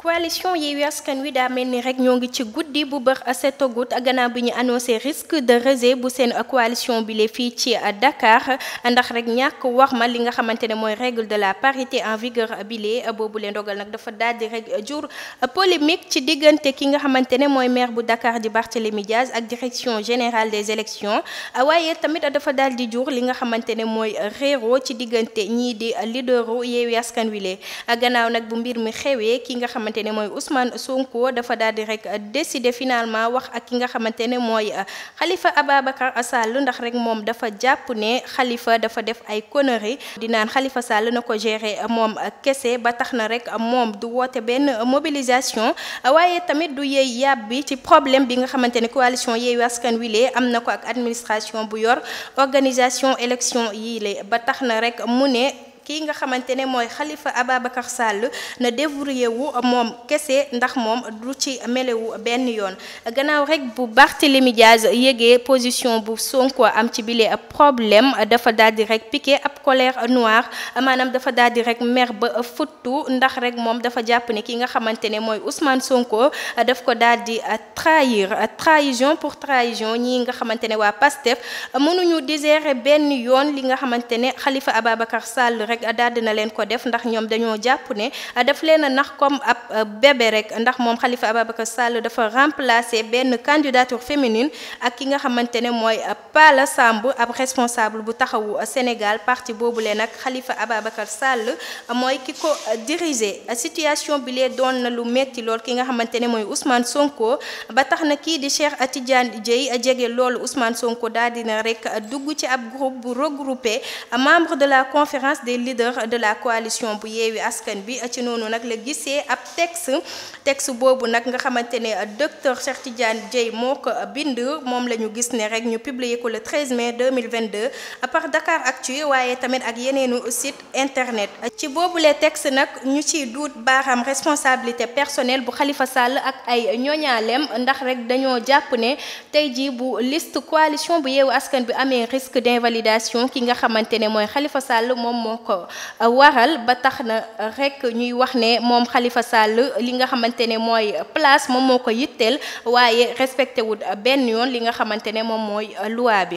coalition Yewwi Askan Wi daa mel ni rek ñoo ngi ci guddi bu bër setagut gannaaw bi ñu annoncé risque de rejet bu seen coalition bi le fii ci Dakar ndax rek ñàkk wax ma li nga xamante ne mooy règle de la parité en vigueur bi boobu leen dogal nag dafa daldi rek jur polémique ci diggante ki nga xamante ne mooy maire bu Dakar di Barthélémy Diaz ak direction générale des élections waaye tamit dafa daal di jur li nga xamante ne mooy réero ci diggante ñii di leaderu Yewwi Askan Wi a gannaaw nag bu mbir mi xewee ki nga xamante xamante ne mooy Ousmane Sonko dafa daal di rek euh, finalement wax ak ki nga xamante ne mooy xalifa euh, Khalifa Ababacar Sall ndax rek moom dafa jàpp ne xalifa dafa def ay conneries di naan xalifa Sall na ko gérer euh, moom kese ba tax na rek moom du woote benn mobilisation waaye tamit du yeey yàbb bi ci problème bi nga xamante ne coalition Yewwi Askan Wi lee am na ko ak administration bu yor organisation élection yii la ba tax na rek mu ne kii nga xamante ne mooy Khalifa Ababacar Sall na débrouillé wu moom kese ndax moom du ci melewu benn yoon gannaaw rek bu Barthélémy Diaz yëgee position bu Sonko am ci bile problème dafa daal di rek piqué ab colère noire maanaam dafa daal di rek mer ba futtu ndax rek moom dafa jàpp ni ki nga xamante ne mooy Ousmane Sonko daf ko daal di trahir trahison pour trahison ñi nga xamante ne waa PASTEF mënuñu digérer benn yoon li nga xamante ne Khalifa Ababacar nag daal na leen ko def ndax ñoom dañoo jàpp ne daf leen a nax comme ab euh, bébé rek ndax moom Khalifa Ababacar Sall dafa remplacer benn candidature féminine ak ki nga xamante ne mooy euh, Pala Samb ab responsable bu taxawu Sénégal parti boobu leen nag xalifa Ababacar Sall mooy ki ko diriger situation bi lee doon na lu metti lool ki nga xamante ne mooy Ousmane Sonko ba tax na kii di tijaan Tidiane Dieye jege loolu Ousmane Sonko daal dina rek dugg ci ab groupe bu regroupé la conférence leader de la coalition bu yeewi askan bi ci noonu nag la gisee ab texte texte boobu nag nga xamante ne docteur Cheikh Tidiane Dieye moo ko bind moom la ñu gis ne rek ñu publier ko le 13 mai 2022 par Dakar Actu waaye tamit ak yeneenu site internet ci boobule texte nag ñu ci duut baaram responsabilité personnelle bu xalifa Sall ak ay ñooñaaleem ndax rek dañoo jàpp ne tey jii bu liste coalition bu yeewu askan bi amee risque d'invalidation ki nga xamante ne mooy Khalifa ko euh, waral ba tax na euh, rek ñuy wax ne moom xalifa Sall li nga xamante ne mooy place moom moo ko yitteel waaye respecté benn yoon li nga xamante ne moom mooy euh, loi bi.